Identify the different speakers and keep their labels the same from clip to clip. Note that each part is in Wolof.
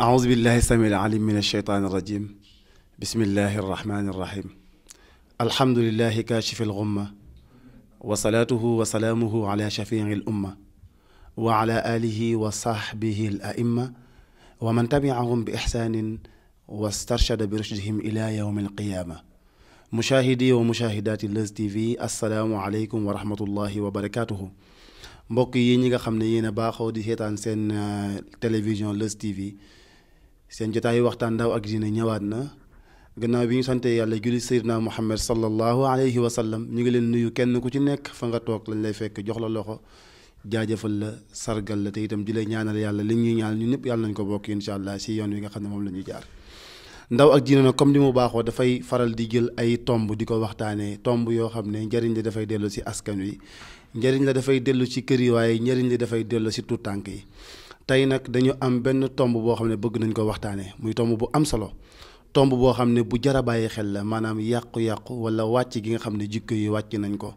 Speaker 1: أعوذ بالله السميع العليم من الشيطان الرجيم بسم الله الرحمن الرحيم الحمد لله كاشف الغمة وصلاته وسلامه على شفيع الأمة وعلى آله وصحبه الأئمة ومن تبعهم بإحسان واسترشد برشدهم إلى يوم القيامة مشاهدي ومشاهدات Leuz TV asalaamualeykum wa rahmatullahi wa barakaatuhu mbokk yi ñi nga xam ne yéen a baaxoo di seetaan seen télévision Leuz TV seen jotaayu waxtaan daaw ak diine ñawaat na gannaaw bi ñu sante yàlla julli sayyidina muhammad sallallahu alayhi wa sallam ñu ngi leen nuyu kenn ku ci nekk fa nga toog lañ lay fekk jox la loxo jaajëfal la sargal la te itam di la ñaanal yàlla li ñuy ñaan ñun ñëpp yàlla nañ ko bokk incha allah si yoon wi nga xam ne moom la ñuy jaar. ndaw ak diine na comme ni mu baaxoo dafay faral di jël ay tomb di ko waxtaanee tomb yoo xam ne njëriñ li dafay dellu si askan wi njëriñ la dafay dellu ci kër yi waaye njëriñ li dafay dellu si tuut tànk yi tey nag dañu am benn tomb boo xam ne bëgg nañ ko waxtaanee muy tomb bu am solo tomb boo xam ne bu jar a bàyyi xel la maanaam yàqu-yàqu wala wàcc gi nga xam ne jikko yi wàcc nañ ko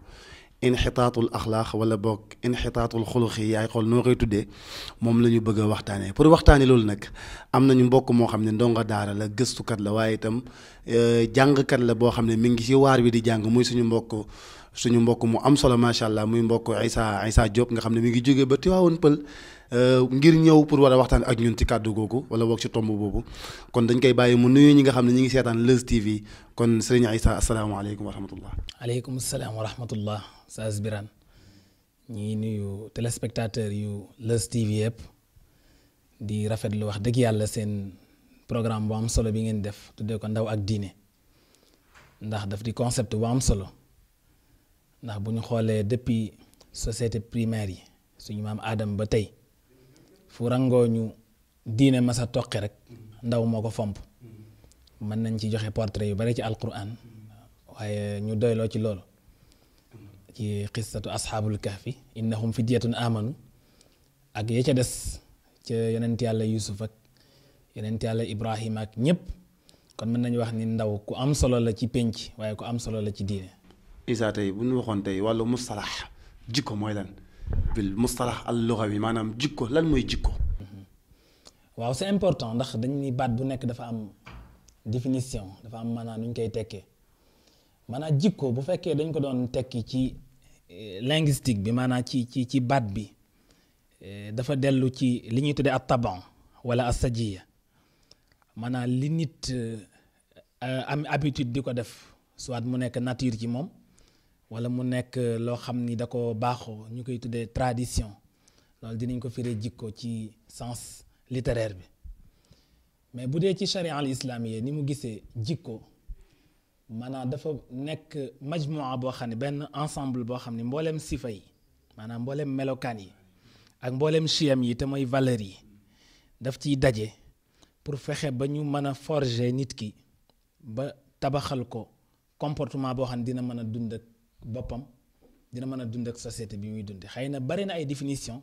Speaker 1: inxitaatul axlaax wala boog inxitaatul xulux yi yaay xool noo koy tuddee moom la ñu bëgg waxtaanee pour waxtaanee loolu nag am nañu mbokk moo xam ne ndonga daara la gëstukat la waaye itam euh, jàngkat la boo xam ne mi ngi ci waar wi di jàng muy suñu mbokk suñu mbokk mu am solo macha allah muy mbokk Issa Issa Diop nga xam ne mi ngi jógee ba Tivaouane Pël Euh, ngir ñëw pour war a waxtaan ak ñun ci kàddu googu wala boog ci tomb boobu kon dañ koy bàyyi mu nuyu ñi nga xam ne ñu ngi seetaan Leuz TV kon sëriñ Aïssa asalaamaaleykum wa rahmatullah.
Speaker 2: aleykum salaam wa rahmatullah Saas Birane ñi nuyu téléspectateur yu Leuz TV yëpp di rafet lu wax dëgg yàlla seen programme bu am solo bi ngeen def tuddee ko ndaw ak diine ndax daf di concept bu am solo ndax bu ñu xoolee depuis société primaire yi suñu maam Adam ba tey. fu rangoo ñu diine masa toqi rek ndaw moo ko fomp mën nañ ci joxe portrait yu bari ci alquran waaye ñu doyloo ci loolu ci qissatu asxaabul kahfi innahum fidyatun amanu ak ya ca des ca yonent yàlla yusuf ak yonent yàlla ibrahima ak ñépp kon mën nañu wax ni ndaw ku am solo la ci pénc
Speaker 1: waaye ku am solo la ci diine isa tey bu ñu waxoon tey wàllu mustalax jikko mooy lan bil mustalax al lugawi maanaam jikko lan mooy jikko. Mhm. waaw c'est
Speaker 2: important ndax dañ ni baat bu nekk dafa am définition dafa am maanaam nuñ koy tekkee maanaa jikko bu fekkee dañ ko doon tekki ci eh, linguistique bi maanaa ci ci ci baat bi eh, dafa dellu ci li ñuy tuddee ab taban wala asajiya maanaam li nit eh, am habitude di ko def soit mu nekk nature ci moom. wala mu nekk loo xam ni da ko baaxoo ñu koy tuddee tradition loolu dinañ ko firee jikko ci sens littéraire bi mais bu dee ci charia al islamiya ni mu gisee jikko maanaam dafa nekk majmua boo xam ne benn ensemble boo xam ne mbooleem sifa yi maanaam mbooleem melokaan yi ak mbooleem chiyam yi te mooy valeur yi daf ciy daje pour fexe ba ñu mën a forger nit ki ba tabaxal ko comportement boo xam ne dina mën a dund ak boppam dina mën a dund ak société bi muy dundee xëy na bari na ay définition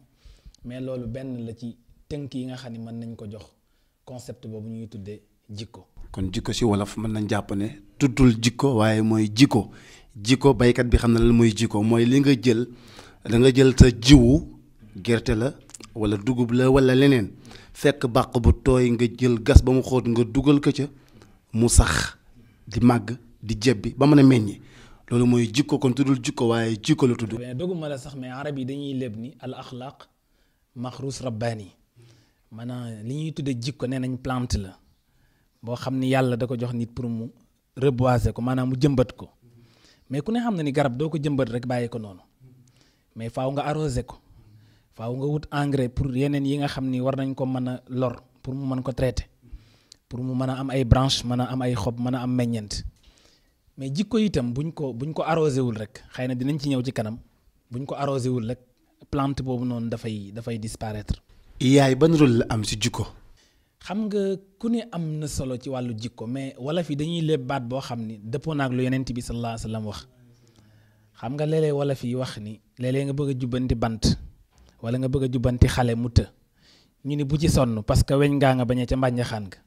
Speaker 2: mais loolu benn la ci tënk yi nga xam ne mën nañ ko jox concept boobu ñuy tuddee jikko.
Speaker 1: kon jikko si wolof mën nañ jàpp ne tuddul jikko waaye mooy jikko jikko baykat bi xam na lan mooy jikko mooy li nga jël da nga jël sa jiwu gerte la wala dugub la wala leneen fekk bàq bu tooy nga jël gas ba mu xóot nga dugal ko ca mu sax di màgg di jebbi ba mën a meññi loolu mooy jikko kon tuddul jikko waaye jikko la tudd.
Speaker 2: doguma la sax mais arab yi dañuy leb ni al axlaaq maxrus rabbaani maanaam li ñuy tuddee jikko nee nañ plante la boo xam ni yàlla da ko jox nit pour mu reboiser ko maanaam mu jëmbat ko mais ku ne xam na ni garab doo ko jëmbat rek bàyyi ko noonu mais faaw nga arroser ko faaw nga wut engrais pour yeneen yi nga xam ni war nañ ko mën a lor pour mu mën ko traiter pour mu mën a am ay branche mën a am ay xob mën a am meññeent. mais jikko itam buñ ko buñ ko arrosé wul rek xëy na dinañ ci ñëw ci kanam buñ ko arrosé wul rek plante boobu noonu dafay dafay disparaître.
Speaker 1: yaay ban rôle la am si jikko.
Speaker 2: xam nga ku ne am na solo ci wàllu jikko mais wala fi dañuy léeb baat boo xam ni dëppoo naag lu yonent bi sallallahu alayhi wa sallam wax xam nga léeg-léeg wala fi wax ni léeg nga bëgg jubbanti bant wala nga bëgg a jubbanti xale mu të ñu ni bu ci sonn parce que weñ ngaa nga bañee ca mbànjaxaan nga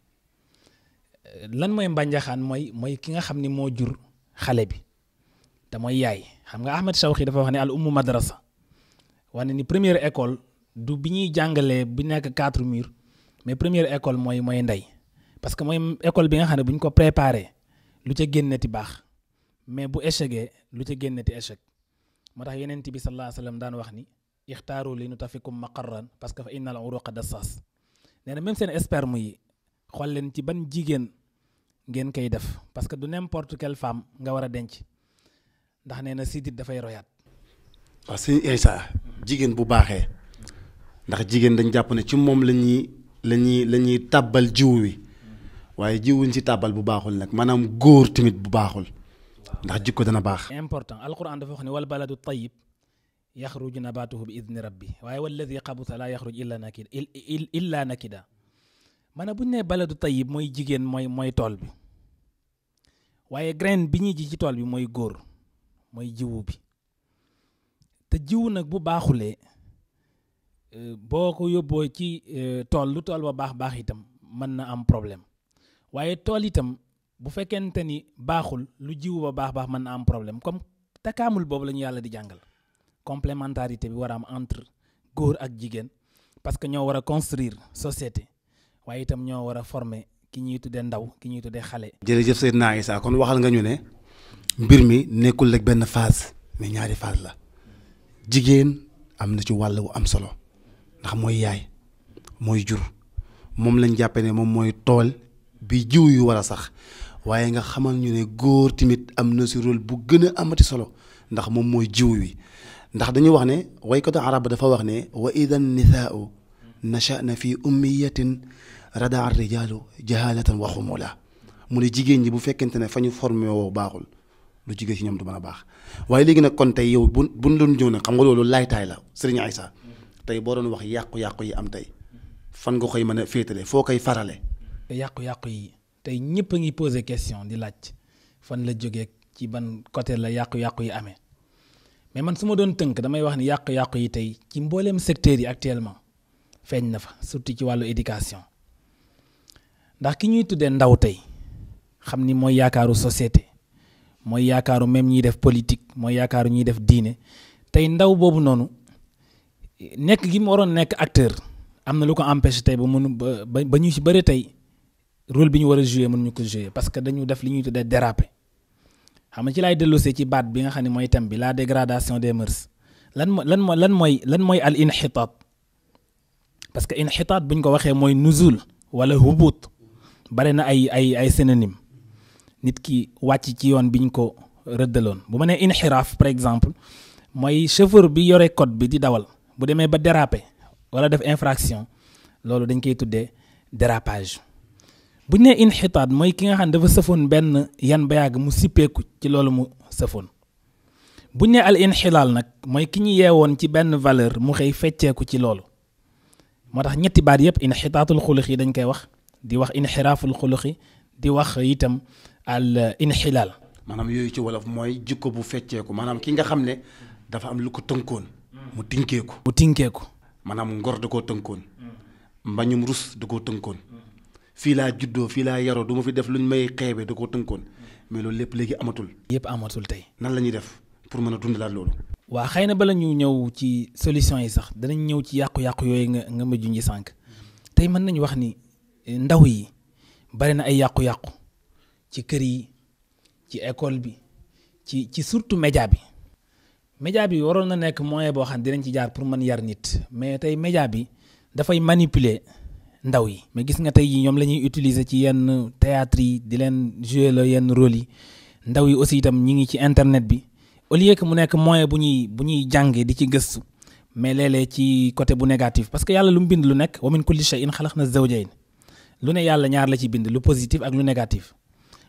Speaker 2: lan mooy mbanjaxaan mooy mooy ki nga xam ni moo jur xale bi te mooy yaay xam nga Ahmed Shawqi dafa wax ne al ummu madrasa wane ni première école du bi ñuy jàngalee bu nekk quatre murs mais première école mooy mooy ndey parce que mooy école bi nga xam ne bu ñu ko préparé lu ca génneti baax mais bu échecgee lu ca génneti échec moo tax yeneen bi sallallahu alayhi wa sallam daan wax ni ixtaaru li nu tafikum maqarran parce que fa innal uruqa dassas nee na même seen ngeen koy def parce que du n'importe quelle femme nga war a denc ndax nee na sidit dafay royaat.
Speaker 1: waaw sëñ Issa jigéen bu baaxee ndax jigéen dañ jàpp na ci moom la ñuy la ñuy la ñuy tàbbal jiw wi waaye jiwuñ ci tàbbal bu baaxul nag maanaam góor tamit bu baaxul ndax jikko dana baax.
Speaker 2: important alquran dafa wax ne wal baladu tayyib yaxruju nabaatuhu bi idni rabbi waaye walladi xabuta laa yaxruj illa nakida illa nakida ma ne bu ñu nee baladu tayyib mooy jigéen mooy mooy tool bi waaye grain bi ñuy ji ci tool bi mooy góor mooy jiwu bi te jiwu nag bu baaxulee euh, boo ko yóbboo ci euh, tool lu tool ba baax baax itam mën na am problème waaye tool itam bu fekkente ni baaxul lu jiwu ba baax baax mën na am problème comme takaamul boobu la ñu yàlla di jàngal complementarité bi war a am entre góor ak jigéen parce que ñoo war a construire société waaye itam ñoo war a former ki ñuy tuddee ndaw ki ñuy tuddee xale.
Speaker 1: jërëjëf Seydina Issa kon waxal nga ñu ne mbir mi nekkul rek benn phase mais ñaari phase la jigéen am na ci wàll wu am solo ndax mooy yaay mooy jur moom lañ jàppe ne moom mooy tool bi jiw yu war a sax waaye nga xamal ñu ne góor tamit am na si rôle bu gën a amati solo ndax moom mooy jiw wi ndax dañuy wax ne waykatu arab dafa wax ne wa idan nisaau nachana fi ummiyatin rada ar rijalu jahalatan wa xumula mu ne jigéen ñi bu fekkente ne fa ñu formé woo baaxul lu jigéen ci ñoom du mën a baax waaye léegi nag kon tey yow bu bu doon ñëw nag xam nga loolu laytaay la sëriñ Aïssa tey boo doon wax yàqu-yàqu yi am tey fan nga koy mën a féetale foo koy farale
Speaker 2: yàqu-yàqu yi tey ñëpp a ngi posé question di laaj fan la jógee ci ban côté la yàqu-yàqu yi amee mais man su ma doon tënk damay wax ni yàqu-yàqu yi tey ci mbooleem secteur yi actuellement feeñ na fa surtout ci wàllu éducation ndax ki ñuy tuddee ndaw tey xam ni mooy yaakaaru société mooy yaakaaru même ñiy def politique mooy yaakaaru ñiy def diine tey ndaw boobu noonu nekk gi mu waroon nekk acteur am na lu ko empêché tey ba mënu ba ba ñu ci bëri tey rôle bi ñu war a jouer mënuñu ko jouer parce que dañu def li ñuy tuddee déraper xam nga ci laay delloosee ci baat bi nga xam ne mooy thème bi la dégradation des mœurs lan lan mooy lan mooy lan mooy al inxitaat parce que inxitaat bu ñu ko waxee mooy nuzul wala hubut bare na ay ay ay synonyme nit ki wàcc ci yoon bi ko rëddaloon bu ma nee inxiraaf par exemple mooy chauffeur bi yore code bi di dawal bu demee ba déraper wala def infraction loolu dañ koy tuddee dérapage buñ ñu nee inxitaat mooy ki nga xam ne dafa sëfoon benn yan ba yàgg mu sippeeku ci loolu mu sëfoon buñ ñu nee al inxilaal nag mooy ki ñu yeewoon ci benn valeur mu xëy fecceeku ci loolu moo tax ñetti baat yëpp inxitaatul xulux yi dañ koy wax di wax inxiraaful xulux di wax itam al inxilaal
Speaker 1: maanaam yooyu ci wolof mooy jikko bu fecceeku maanaam ki nga xam ne dafa am lu ko tënkoon mu tinkeeku mu tinkeeku maanaam ngor da ko tënkoon mbañum rus da koo tënkoon fii laa juddoo fii laa yaroo du ma fi def luñ may xeebe da koo tënkoon mais lépp léegi amatul yëpp amatul tey nan la ñuy def pour mën a dundalaat loolu
Speaker 2: waa xëy na bala ñu ñëw ci solution yi sax danañ ñëw ci yàqu-yàqu yooyu nga nga ma junj sànq tey mën nañu wax ni eh, ndaw yi bari na ay yàqu-yàqu ci kër yi ci école bi ci ci surtout média bi média bi waroon na nekk moyen boo xam ne dinañ ci jaar pour mën yar nit mais tey média bi dafay manipuler ndaw yi mais gis nga tey yi ñoom la ñuy utiliser ci yenn théâtre yi di leen jouer la yenn rôle yi ndaw yi aussi itam ñi ngi ci internet bi au lieu que mu nekk moyen bu ñuy bu ñuy jàngee di ci gëstu mais léeg ci côté bu négatif parce que yàlla lu mu bind lu nekk wa min in shay'in xalaqna zawjayn lu ne yàlla ñaar la ci bind lu positif ak lu négatif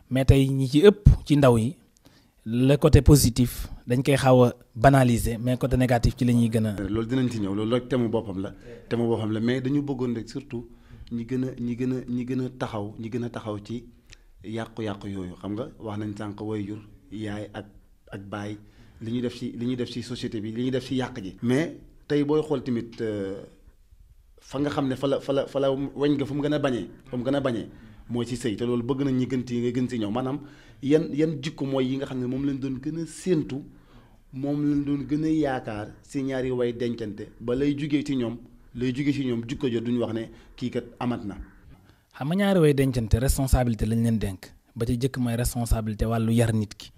Speaker 2: mais tey ñi ci ëpp ci ndaw yi le côté positif dañ koy xaw a banaliser mais côté négatif ci la ñuy gën a.
Speaker 1: Euh, loolu dinañ ci ñëw loolu rek temu boppam la. thème boppam la mais dañu bëggoon rek surtout ñi gën a ñi gën a ñi gën a taxaw ñi gën a taxaw ci yàqu-yàqu yooyu xam nga wax nañ sànq waajur yaay ak baay li ñuy def ci li ñuy def ci société bi li ñu def ci yàq ji. mais tey booy xool tamit euh, fa nga xam ne fa la fa la fa la weñ nga fu mu gën a bañee fu gën a bañee mooy ci sëy te loolu bëgg nañ ñi gën ci gën ci ñëw maanaam yan yan jikko mooy yi nga xam ne moom lañ doon gën a séentu moom lañ doon gën a yaakaar si ñaari way dencante ba lay jógee ci ñoom lay jugee ci ñoom jikko jot duñu wax ne kii kat amat na.
Speaker 2: xam nga ñaari way dencante responsabilité lañ leen denk ba ci jëkk mooy responsabilité yar nit ki.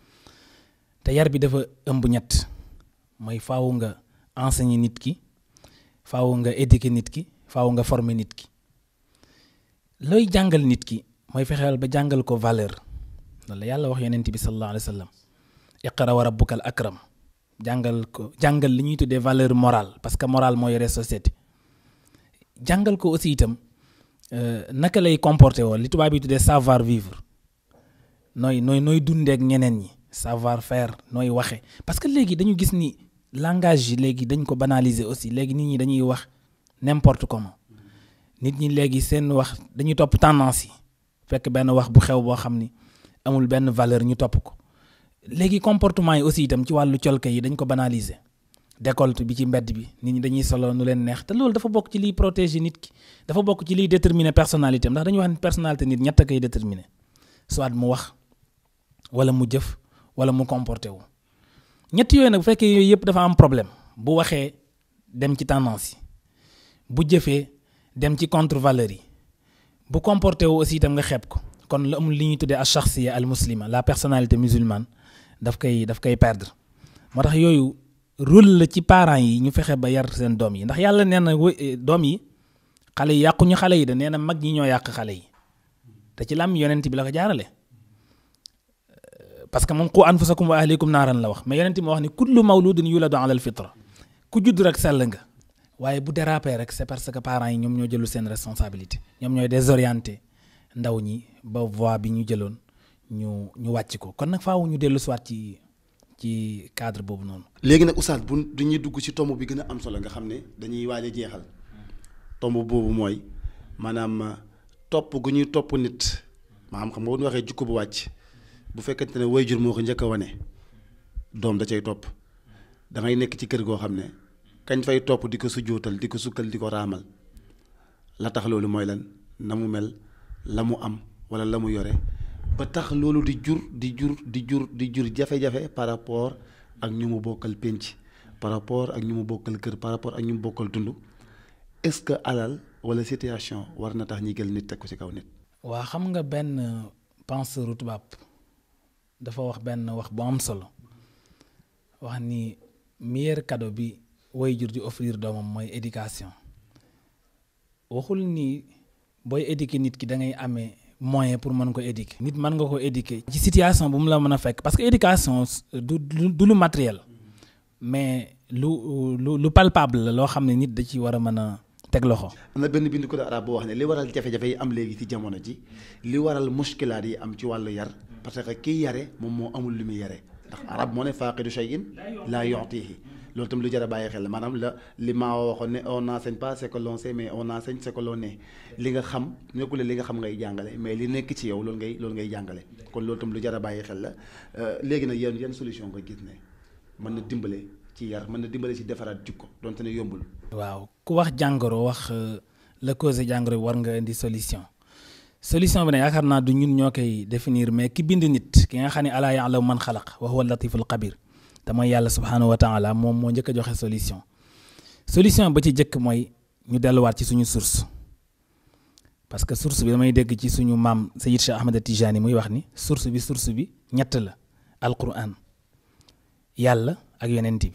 Speaker 2: te yar bi dafa ëmb ñett mooy faaw nga enseigner nit ki faaw nga éduquer nit ki faaw nga forme nit ki looy jàngal nit ki mooy fexeel ba jàngal ko valeur loolu yàlla wax yonent bi sallallahu alayhi wa sallam iqra wa rabbukal akram jàngal ko jàngal li ñuy tuddee valeur morale parce que morale moo yore société jàngal ko aussi itam euh, naka lay comporté woon li tubaab yi tuddee savoir vivre nooy nooy nooy dundeek ñeneen ñi savoir fair nooy waxe parce que léegi dañu gis ni langage yi léegi dañ ko banaliser aussi léegi nit ñi dañuy wax n'importe comment nit ñi léegi seen wax dañuy topp tendance yi fekk benn wax bu xew boo xam ni amul benn valeur ñu topp ko léegi comportement yi aussi itam ci wàllu colka yi dañ ko banaliser décolte bi ci mbedd bi nit ñi dañuy solo nu leen neex te loolu dafa bokk ci liy protéger nit ki dafa bokk ci liy déterminer personnalité ndax dañu wax ni personnalité nit ñett a koy déterminer mu wax wala mu jëf wala mu comporté wu ñett yooyu nag bu fekkee yooyu yëpp dafa am problème bu waxee dem ci tendance yi bu jëfee dem ci contre valeur yi bu comporté wu aussi itam nga xeeb ko kon la amul li ñuy tuddee al shaxsiya al muslima la personnalité musulmane daf koy daf koy perdre moo tax yooyu rôle la ci parent yi ñu fexe ba yar seen doom yi ndax yàlla nee na eh, doom yi xale yi yàquñu xale yi da nee na mag ñi ñoo yàq xale yi te ci lam yonent bi la ko jaarale parce que moom qu anfusakum wa ahlikum naaran la wax mais yonent ma wax ni kullu mawludin yuladu ala al fitra ku judd rek sell nga waaye bu dérapé rek c'est parce que parents yi ñoom ñoo jëlu seen responsabilité ñoom ñooy désorienté ndaw ñi ba voie bi ñu jëloon ñu ñu wàcc ko kon nag faaw ñu dellu siwaat ci ci cadre boobu noonu.
Speaker 1: léegi nag Oustaz bu dañuy dugg ci tomb bi gën a am solo nga xam ne dañuy waaj jeexal tomb boobu mooy maanaam topp gu ñuy topp nit maanaam xam nga bu ñu waxee jukko bu wàcc. bu fekkente ne jur moo ko njëkk a wane doom da cay topp da nekk ci kër goo xam ne kañ fay topp di ko sujjóotal di ko sukkal di ko raamal la tax loolu mooy lan na mu mel la mu am walla la mu yore ba tax loolu di jur di jur di jur di jur jafe-jafe par rapport ak ñu mu bokkal pénc par rapport ak ñu mu bokkal kër par rapport ak ñu mu bokkal dund est-ce que alal walla situation war na tax ñi gël nit teg ko ci kaw nit.
Speaker 2: waa xam nga benn tubaab dafa wax benn wax boo am solo wax ni meilleur cadeau bi way jur di offrir doomam mooy éducation waxul nii booy éduquer nit ki da ngay amee moyen pour mën ko éduquer. nit mën nga ko éduquer. ci situation bu mu la mën a fekk parce que éducation du du lu matériel mais lu lu lu palpable la loo xam ne nit da ci war a mën a teg loxo.
Speaker 1: am na benn bindu ko arab boo wax ne li waral jafe-jafe yi am léegi ci jamono ji li waral muskilaat yi am ci wàllu yar. parce que kiy yare moom moo amul lu muy yare ndax arab moo ne faaqidu shay'in laa yu'tihi loolu tam lu jar xel la li maa waxoon ne on n'enseigne pas ce que l'on sait mais on enseigne li xam nekkul li nga mais li nekk ci yow loolu ngay loolu ngay jàngale kon loolu tam lu jar a bàyyi xel la euh, léegi na yéen yan solution nga gis ne mën na dimbale ci yar mën na dimbale ci defaraat ko donte ne yombul.
Speaker 2: waaw ku wax jàngoro wax euh, la cause jàngoro war nga indi solution. solution bi ne yaakaar naa du ñun ñoo koy définir mais ki bind nit ki nga xam ne alaa ya'lamu man xalaq wa huwa latiful xabir te mooy yàlla subhaanahu wa taala moom moo njëkk a joxe solution solution ba ci njëkk mooy ñu delluwaat ci suñu source parce que source bi damay dégg ci suñu maam Sayyid Cheikh Ahmed Tijani muy wax ni source bi source bi ñett la alquran yàlla ak yonent bi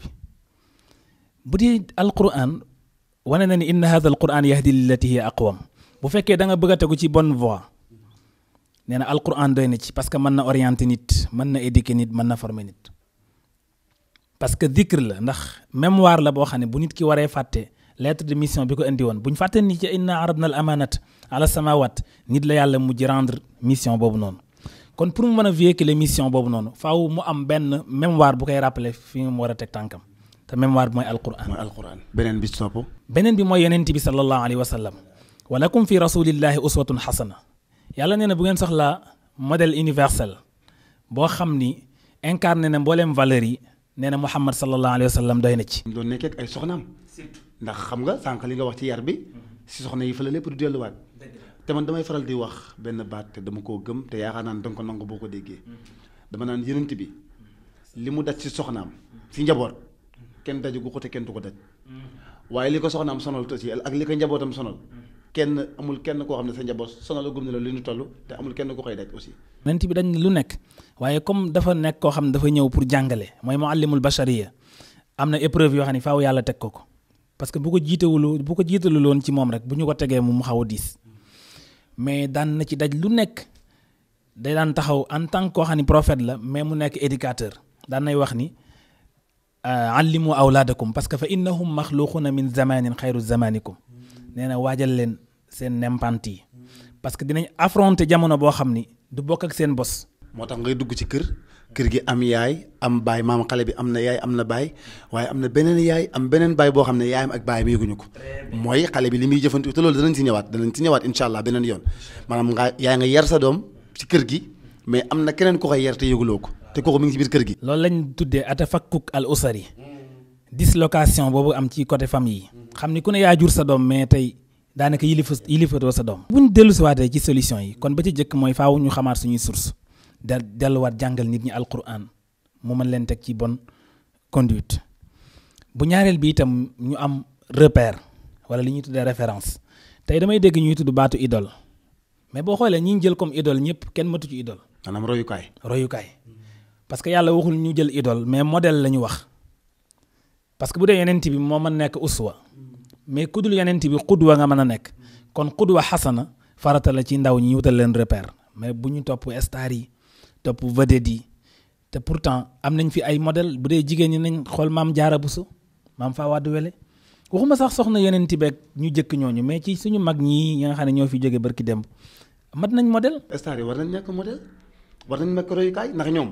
Speaker 2: bu dee alquran wane na ni inna hadha alquran yahdi lillati hiya aqwam bu fekkee da nga bëgg a tegu ci bonne voie nee na alquran doy na ci parce que mën na orienter nit mën na éduquer nit mën na forme nit parce que dikr la ndax mémoire la boo xam ne bu nit ki waree fàtte lettre de mission bi ko indi woon bu ñu fàtte ni ci inna arabna al amanat ala samawat nit la yàlla mujj rendre mission boobu noonu kon pour mu mën a véhiculer mission boobu noonu faw mu am benn mémoire bu koy rappeler fi mu war a teg tànkam te mémoire bi mooy alquran. mooy
Speaker 1: beneen bi sopp
Speaker 2: beneen bi mooy yonent bi sallallahu alayhi wa sallam walakum fi rasulillahi uswatun xasana yàlla nee na bu ngeen soxlaa modèle universel boo xam ni incarné na mbooleem valeur yi
Speaker 1: nee na Muhammad sallallahu alayhi wa sallam doy na ci. loolu nekk ak ay soxnaam. ndax xam nga sànq li nga wax ci yar bi. si soxna yi fa la delluwaat. te man damay faral di wax benn baat te dama koo gëm te yaakaar naa ne danga ko boo ko déggee. dama naan yonent bi li mu daj si soxnaam si njaboot kenn daju gu ko te kenn du ko daj. waaye li ko soxnaam sonal aussi ak li ko njabootam sonal. kenn amul kenn koo xam ne sa njaboot sonal la ne la li nu tollu te amul kenn ko koy daj aussi.
Speaker 2: menti bi dañ lu nekk waaye comme dafa nekk koo xam ne dafa ñëw pour jàngale mooy muallimul bashariya am na épreuve yoo xam ne faaw yàlla teg ko ko parce que bu ko jiitewul bu ko jiitalul woon ci moom rek bu ñu ko tegee mu xaw a diis mais daan na ci daj lu nekk day daan taxaw en tant koo xam ne prophète la mais mu nekk éducateur daan nay wax ni allimu awlaadakum parce que fa innahum maxluquna min zamanin xayru zamanikum nee na waajal leen seen nempant yi parce que dinañ
Speaker 1: affronter jamono boo xam ni du bokk ak seen bos. moo tax ngay dugg ci kër kër gi am yaay am baay maam xale bi am na yaay am na baay waaye am na beneen yaay am beneen baay boo xam ne yaayam ak baay baayam yëguñu ko mooy xale bi li muy jëfandikoo te loolu danañ ci ñëwaat danañ ci ñëwaat incha allah beneen yoon maanaam nga yaa nga yar sa doom ci kër gi mais am na keneen ko koy yar te yëguloo ko te kooku mi ngi ci biir kër gi.
Speaker 2: loolu lañ tuddee atafakkuk al usari dislocation boobu am ci côté famille yi mm-hmm. xam ni ku ne yaa jur sa doom mais tey daanaka yilifa yilifatoo sa doom bu ñu dellu siwaatee ci solution yi kon ba ci jëkk mooy faaw ñu xamaat suñuy source del delluwaat jàngal nit ñi alquran mu mën leen teg ci bonne conduite bu ñaareel bi itam ñu am repère wala li ñuy tuddee référence tey damay dégg ñuy tudd baatu idole mais boo xoolee ñi ñu jël comme idole ñëpp kenn matu ci idole
Speaker 1: maanaam royukaay
Speaker 2: royukaay parce que yàlla waxul ñu jël idole mais modèle la ñu wax parce que bu dee yonent bi moo man nekk uswa mais ku dul yonent bi wa nga mën a nekk kon xudwa xasana farata la ci ndaw ñi wutal leen repère mais bu ñu topp star yi topp vedette yi te pourtant am nañ fi ay modèle bu dee jigéen ñi nañ xool maam jaara buso maam Fawade Wele waxuma sax soxna yeneen tibeeg ñu jëkk ñooñu mais ci suñu mag ñii yi nga xam ne ñoo fi jóge barki demb
Speaker 1: mat nañ modèle star yi war nañ nekk modèle war nañ nekk royukaay ndax ñoom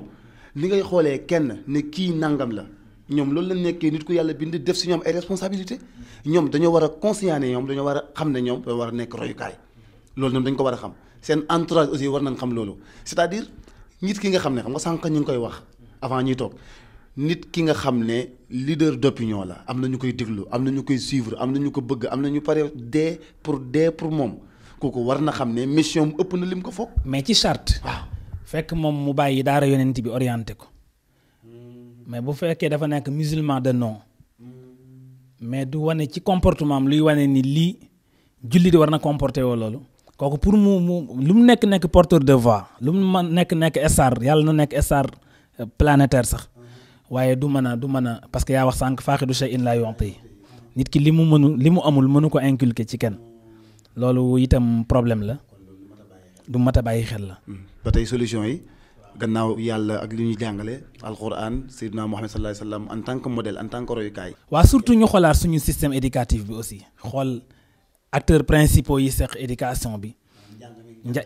Speaker 1: li ngay xoolee kenn ne kii nangam la ñoom loolu lañ nekkee nit ku yàlla bind def si ñoom ay responsabilité ñoom dañoo war a conscient ne ñoom dañoo war a xam ne ñoom dañoo war a nekk royukaay loolu ñoom dañ ko war a xam seen entourage aussi war nañ xam loolu c'est-à-dire nit ki nga xam ne xam nga sànq ñu ngi koy wax avant ñuy toog nit ki nga xam ne leader d'opinion la am na ñu koy déglu am na ñu koy suivre am na ñu ko bëgg am na ñu pare dee pour dee pour moom kooku war na xam ne mission mu ëpp na lim ko foog.
Speaker 2: mais ci charte. waaw fekk moom mu bàyyi daara yonent bi orienté ko. mais bu fekkee dafa nekk musulman de non mais du wane ci comportement am luy wane ni lii jullit war na comporter woo loolu kooku pour mu mu lu mu nekk nekk porteur de voix lu mu mën nekk nekk star yàlla na nekk star euh, planétaire sax waaye du mën a du mën a parce que yaa wax sànq faaxidu shay'in laa pay nit ki li mu mënu li mu amul mënu ko inculquer ci kenn loolu itam problème la du mat a bàyyi xel la.
Speaker 1: Hmm. ba solution yi. gannaaw yàlla ak li ñuy jàngale alquran sayyidina Muhammad
Speaker 2: waa surtout ñu xoolaat suñu système éducatif bi aussi xool acteurs principaux yi seq éducation bi.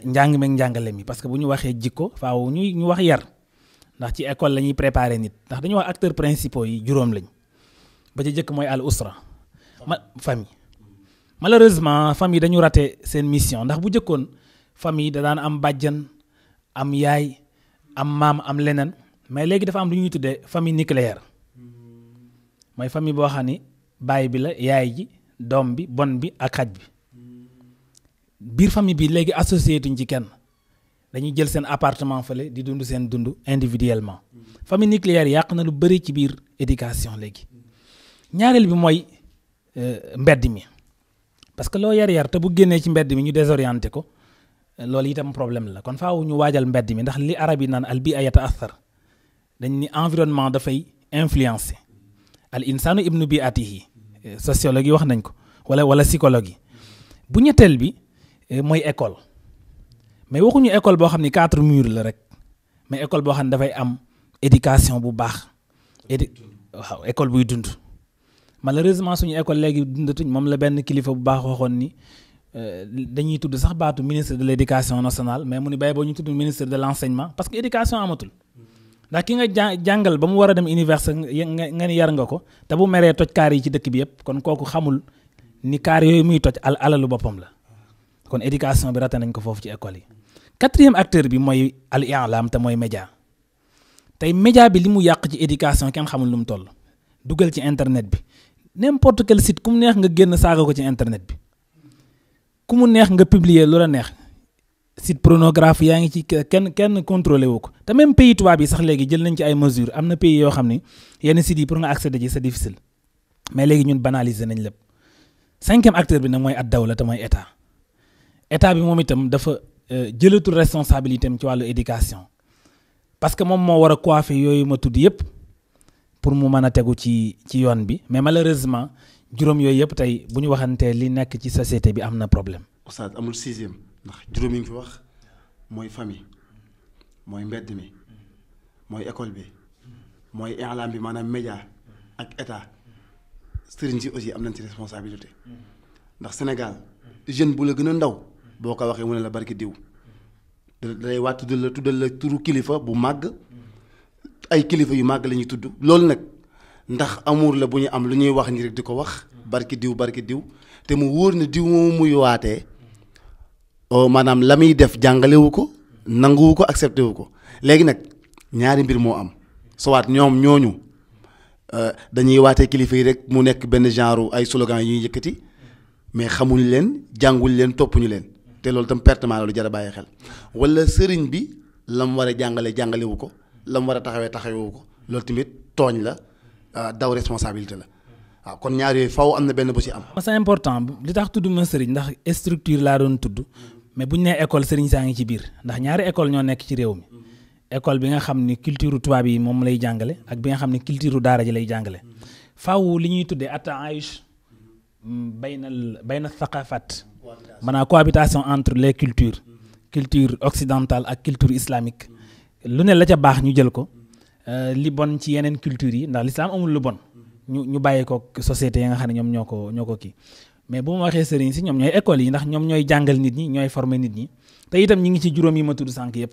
Speaker 2: njàng meeg njàngale mi parce que bu ñu waxee jikko faaw ñu ñu wax yar ndax ci école la ñuy préparer nit ndax dañu wax acteurs principaux yi juróom lañ ba ci jëkk mooy al usra ma famille. malheureusement famille dañu raté seen mission ndax bu jëkkoon famille da daan am bàjjan am yaay. am maam am leneen mais léegi dafa am lu ñuy tuddee famille nucléaire mooy famille boo xam ni baay bi la yaay ji doom bi bon bi ak xaj bi biir famille bi léegi associé tuñ ci kenn dañuy jël seen appartement fale di dund seen dund individuellement famille nucléaire yàq na lu bëri ci biir éducation léegi ñaareel bi mooy euh, mbedd mi parce que loo yar yar te bu génnee ci mbedd mi ñu désorienté ko loolu itam problème la kon faaw ñu waajal mbedd mi ndax li arab yi naan al bi ayata athar dañ ni environnement dafay influencé al insaanu ibnu bi atihi sociologue yi wax nañ ko wala wala psychologue yi bu ñetteel bi eh, mooy école mais waxuñu école boo xam ni quatre murs la rek mais école boo xam ne dafay am éducation bu baax édi waaw école buy dund malheureusement suñu école léegi dundatuñ moom la benn kilifa bu baax waxoon ni Euh, dañuy tudd sax baatu ministre de l' éducation nationale mais mu ni bàyyi boo ñu tudd ministre de l' parce que éducation amatul ndax ki nga jàng jàngal ba mu war a dem université nga ni yar nga ko te bu meree toj kaar yi ci dëkk bi yëpp kon kooku xamul ni kaar yooyu muy toj al alalu boppam la kon éducation bi raté nañ ko foofu ci école yi. quatrième acteur bi mooy al am te mooy média tey média bi li mu yàq ci éducation kenn xamul lu mu toll dugal ci internet bi n'importe quel site ku mu neex nga génn saaga ko ci internet bi. ku mu neex nga publier lu la neex site pornographe yaa ngi ci kenn kenn contrôlé wu ko te même pays tubaab yi sax léegi jël nañ ci ay mesures am na pays yoo xam ni yenn sites yi pour nga accéder ci c'est difficile mais léegi ñun banaliser nañ lépp cinquième acteur bi nag mooy ad dawla te mooy état état bi moom itam dafa euh, jëlatul responsabilité am ci wàllu éducation parce que moom moo war a coiffer yooyu ma tudd yépp pour mu mën a tegu ci ci yoon bi mais malheureusement juróom yooyu yëpp tey bu ñu waxantee li nekk ci société bi am na problème.
Speaker 1: oustaz amul sixième ndax juróom yi nga fi wax mooy famille mooy mbedd mi mooy école bi mooy ilam bi maanaam média ak état sëriñ si aussi am nañ ci responsabilité ndax Sénégal jeune bu la gën a ndaw boo ko waxee mu ne la barki diw da lay waat tuddal la tuddal la turu kilifa bu màgg ay kilifa yu màgg lañuy tudd loolu nag. ndax amur la bu ñu am lu ñuy wax ñi rek di ko wax barki diw barki diw te mu wóor na diw moom muy waatee oh, maanaam la muy def jàngalewu ko nanguwu ko accepté wu ko léegi nag ñaari mbir moo am soit ñoom ñooñu euh, dañuy waatee kilifa yi rek mu nekk benn genre ay slogan yu ñuy yëkkati mais xamuñu leen jànguñu leen toppuñu leen te loolu tam pertement la lu jar a bàyyi xel wala sëriñ bi lam war a jàngale jàngalewu ko lam war a taxawee taxawewu ko loolu tamit tooñ la. Euh, daw responsabilité la waaw kon ñaar yooyu faw am na benn bu si am.
Speaker 2: c'est important li tax tudd ma sëriñ ndax structure laa doon tudd mais bu ñu nee école sëriñ saa ngi ci biir ndax ñaari école ñoo nekk ci réew mi école bi nga xam ne culture tubaab yi moom lay jàngale ak bi nga xam ne culture daara ji lay jàngale faaw li ñuy tuddee attaayush bayna bayna thaqafat maanaam cohabitation entre les cultures culture occidentale ak culture islamique lu ne la ca baax ñu jël ko Euh, li bon ci yeneen culture yi ndax lislaam amul lu bon ñu ñu bàyyi ko société yi nga xam ne ñoom ñoo ko ñoo ko kii mais bu ma waxee sëriñ si ñoom ñooy école yi ndax ñoom ñooy jàngal nit ñi ñooy former nit ñi te itam ñi ngi ci juróom yi ma tudd sànq yëpp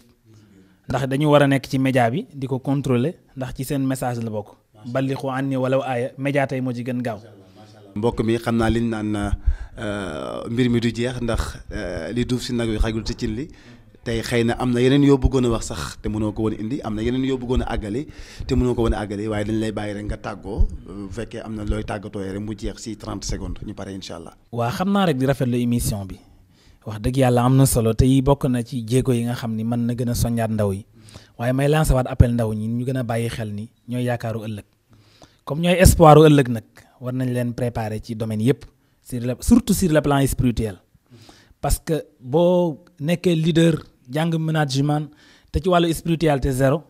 Speaker 2: ndax dañu war a nekk ci média bi di ko contrôler ndax ci seen message la bokk ballixu anni walaw aaya média tey moo ci gën gaaw
Speaker 1: mbokk mi xam naa liñ naan euh, mbir mi du jeex ndax euh, li duuf si nag wi xajul ci cin li tey xëy na am na yeneen yoo bëggoon a wax sax te mënoo ko woon indi am na yeneen yoo bëggoon a àggale te mënoo ko woon a àggale waaye dañ lay bàyyi rek nga tàggoo bu fekkee am na looy tàggatooyee rek mu jeex si 30 secondes ñu pare incha allah.
Speaker 2: waa xam naa rek di rafetlu émission bi wax dëgg yàlla am na solo te yi bokk na ci jéego yi nga xam ni mën na gën a soññaat ndaw yi waaye may lancé waat appel ndaw ñi ñu gën a bàyyi xel ni ñooy yaakaaru ëllëg comme ñooy espoir u ëllëg nag war nañ leen préparer ci domaine yëpp sur le surtout sur le plan spirituel parce que boo nekkee jàng management te ci wàllu spiritualité zéro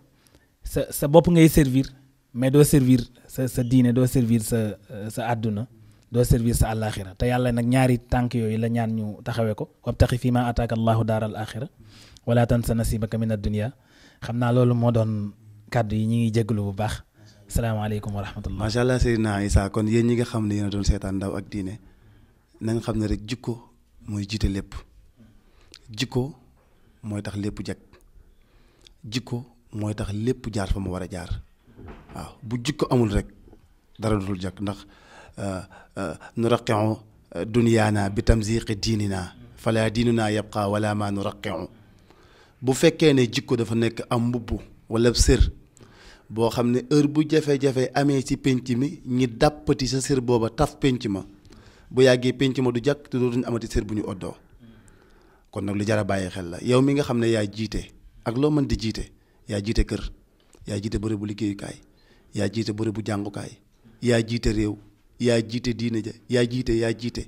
Speaker 2: sa sa bopp ngay servir mais doo servir sa sa diine doo servir sa sa àdduna doo servir sa àllaaxira te yàlla nag ñaari tànk yooyu la ñaan ñu taxawee ko wabtaxi fii ma ataaka allahu daar al axira sa tansa nasibaka min addunia xam naa loolu moo doon kàddu yi ñu ngi jégalu bu baax salaamaaleykum wa rahmatullah macha allah
Speaker 1: Seydina Issa kon yéen ñi nga xam ne yéen a doon seetaan ndaw ak diine na xam ne rek jikko mooy jiite lépp mooy tax lépp jag jikko mooy tax lépp jaar fa mu war a jaar waaw bu jikko amul rek dara dul jag ndax euh, euh, nu raqixu duniyaana naa tamziqi diinina fala diinuna yabqa wala ma nu raqixu bu fekkee ne jikko dafa nekk am mbubb wala sër boo xam ne heure bu jafe-jafe amee ci pénc mi ñi dàppati sa sër booba taf pénc ma bu yàggee pénc ma du jàkk te dootuñu amati sër bu ñu oddoo kon nag lu jar a bàyyi xel la yow mi nga xam ne yaa jiite ak loo man di jiite yaa jiite kër yaa jiite bërëb bu liggéeyukaay yaa jiite bërëb bu jàngukaay yaa jiite réew yaa jiite diine ja yaa jiite yaa jiite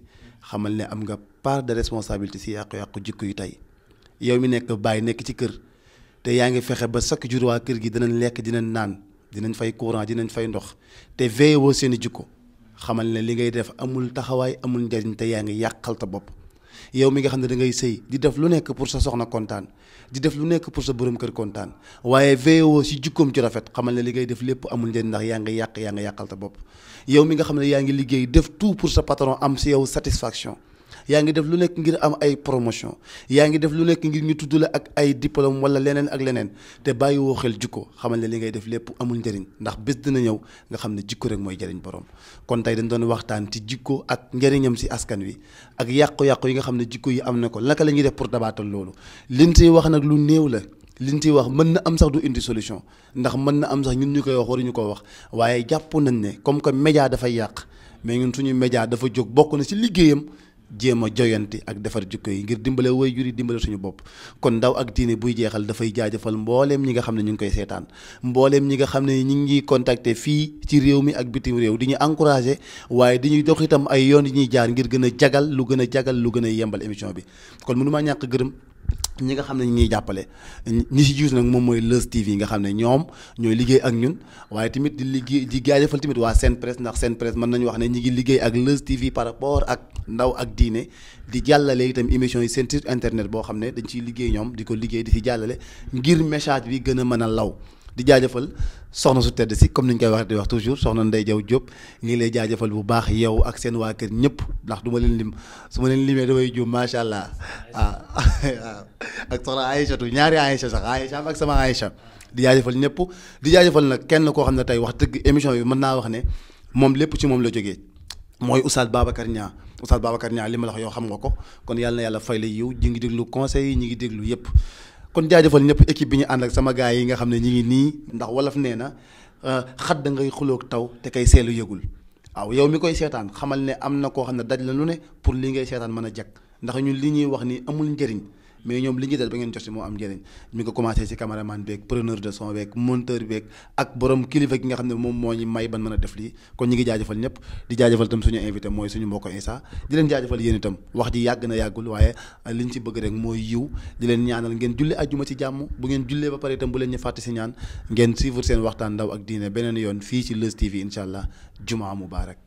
Speaker 1: xamal ne am nga part de responsabilité si yàqu-yàqu jikko yu tey yow mi nekk bàyyi nekk ci kër te yaa ngi fexe ba chaque jurwaa kër gi dinañ lekk dinañ naan dinañ fay courant dinañ fay ndox te veillé woo seen i jikko xamal ne li ngay def amul taxawaay amul njariñ yaa ngi yàqal ta bopp yow mi nga xam ne da ngay sëy di def lu nekk pour sa soxna kontaan di def lu nekk pour sa borom kër kontaan waaye veillewoo si jikkoom ci rafet xamal ne li ngay def lépp amul njëriñ ndax yaa ngi yàq yaa ngi yàqal sa bopp yow mi nga xam ne yaa ngi liggéey def tout pour sa patron am si yow satisfaction yaa ngi def lu nekk ngir am ay promotion yaa ngi def lu nekk ngir ñu tudd la ak ay diplôme wala leneen ak leneen te bàyyi woo xel jikko xamal ne li ngay def lépp amul njëriñ ndax bés dina ñëw nga xam ne jikko rek mooy jëriñ borom kon tey dañ doon waxtaan ci jikko ak njëriñam si askan wi ak yàqu-yàqu yi nga xam ne jikko yi am na ko naka la ñuy def pour dabaatal loolu liñ siy wax nag lu néew la liñ ciy wax mën na am sax du indi solution ndax mën na am sax ñun ñu koy wax waruñu ko wax waaye jàpp nañ ne comme que média dafay yàq mais ñun suñu média dafa jóg bokk na ci liggéeyam jéem a joyanti ak defar jikko yi ngir dimbale way juri dimbale suñu bopp kon ndaw ak diine buy jeexal dafay jaajëfal mbooleem ñi nga xam ne ñu ngi koy seetaan mbooleem ñi nga xam ne ñu ngi contacté fii ci réew mi ak bitim réew di ñu encouragé waaye di ñuy dox itam ay yoon yi ñuy jaar ngir gën a jagal lu gën a jagal lu gën a yembal émission bi kon mënu ñàkk gërëm ñi nga xam ne ñu ngi jàppale ñi si jiitu nag moom mooy Leuz TV nga xam ne ñoom ñooy liggéey ak ñun waaye tamit di liggéey di jaajëfal tamit waa Sen Presse ndax Sen Presse mën nañu wax ne ñi ngi liggéey ak Leuz TV par rapport ak ndaw ak diine di jàllale itam émission yi seen site internet boo xam ne dañ ciy liggéey ñoom di ko liggéey di si jàllale ngir message bi gën a mën a law di jaajëfal soxna su tedd si comme ni ñu koy wax di wax toujours soxna Ndeye Diaw Diop ñu ngi lay jaajëfal bu baax yow ak seen waa kër ñëpp ndax du ma leen lim su ma leen limee damay juum macha allah ah ak soxna Aïchatou ñaari Aïcha sax Aïcha ak sama Aïcha di jaajëfal ñëpp di jaajëfal nag kenn koo xam ne tey wax dëgg émission bi mën naa wax ne moom lépp ci moom la jóge mooy Oustaz Babacar Niang Oustaz Babacar Niang li ma la yow xam nga ko kon yàlla yàlla fay la yiw ñi ngi déglu conseil yi ñi ngi déglu yëpp kon jaajëfal ñëpp équipe bi ñu ànd ak sama gars yi nga xam ne ñi ngi nii ndax wolof nee na euh, xat da ngay xuloog taw te kay seelu yëgul waaw yow mi koy seetaan xamal ne am na koo xam ne daj la lu ne pour li ngay seetaan mën a jag ndax ñun li ñuy wax ni amul njëriñ mais ñoom li ñu def ba ngeen jot ci moo am njëriñ mi ko commencé ci caméraman beeg preneur de son beeg monteur beeg ak borom kilifa gi nga xam ne moom moo ñu may ban mën a def lii kon ñu ngi jaajëfal ñëpp di jaajëfal itam suñu invité mooy suñu mbokk Issa di leen jaajëfal yéen itam wax ji yàgg na yàggul waaye ñu ci bëgg rek mooy yiw di leen ñaanal ngeen julli ajjuma ci jàmm bu ngeen jullee ba pare itam bu leen ñu fàtte ci ñaan ngeen suivre seen waxtaan ndaw ak diine beneen yoon fii ci Leuz TV incha allah jumaa mubaarak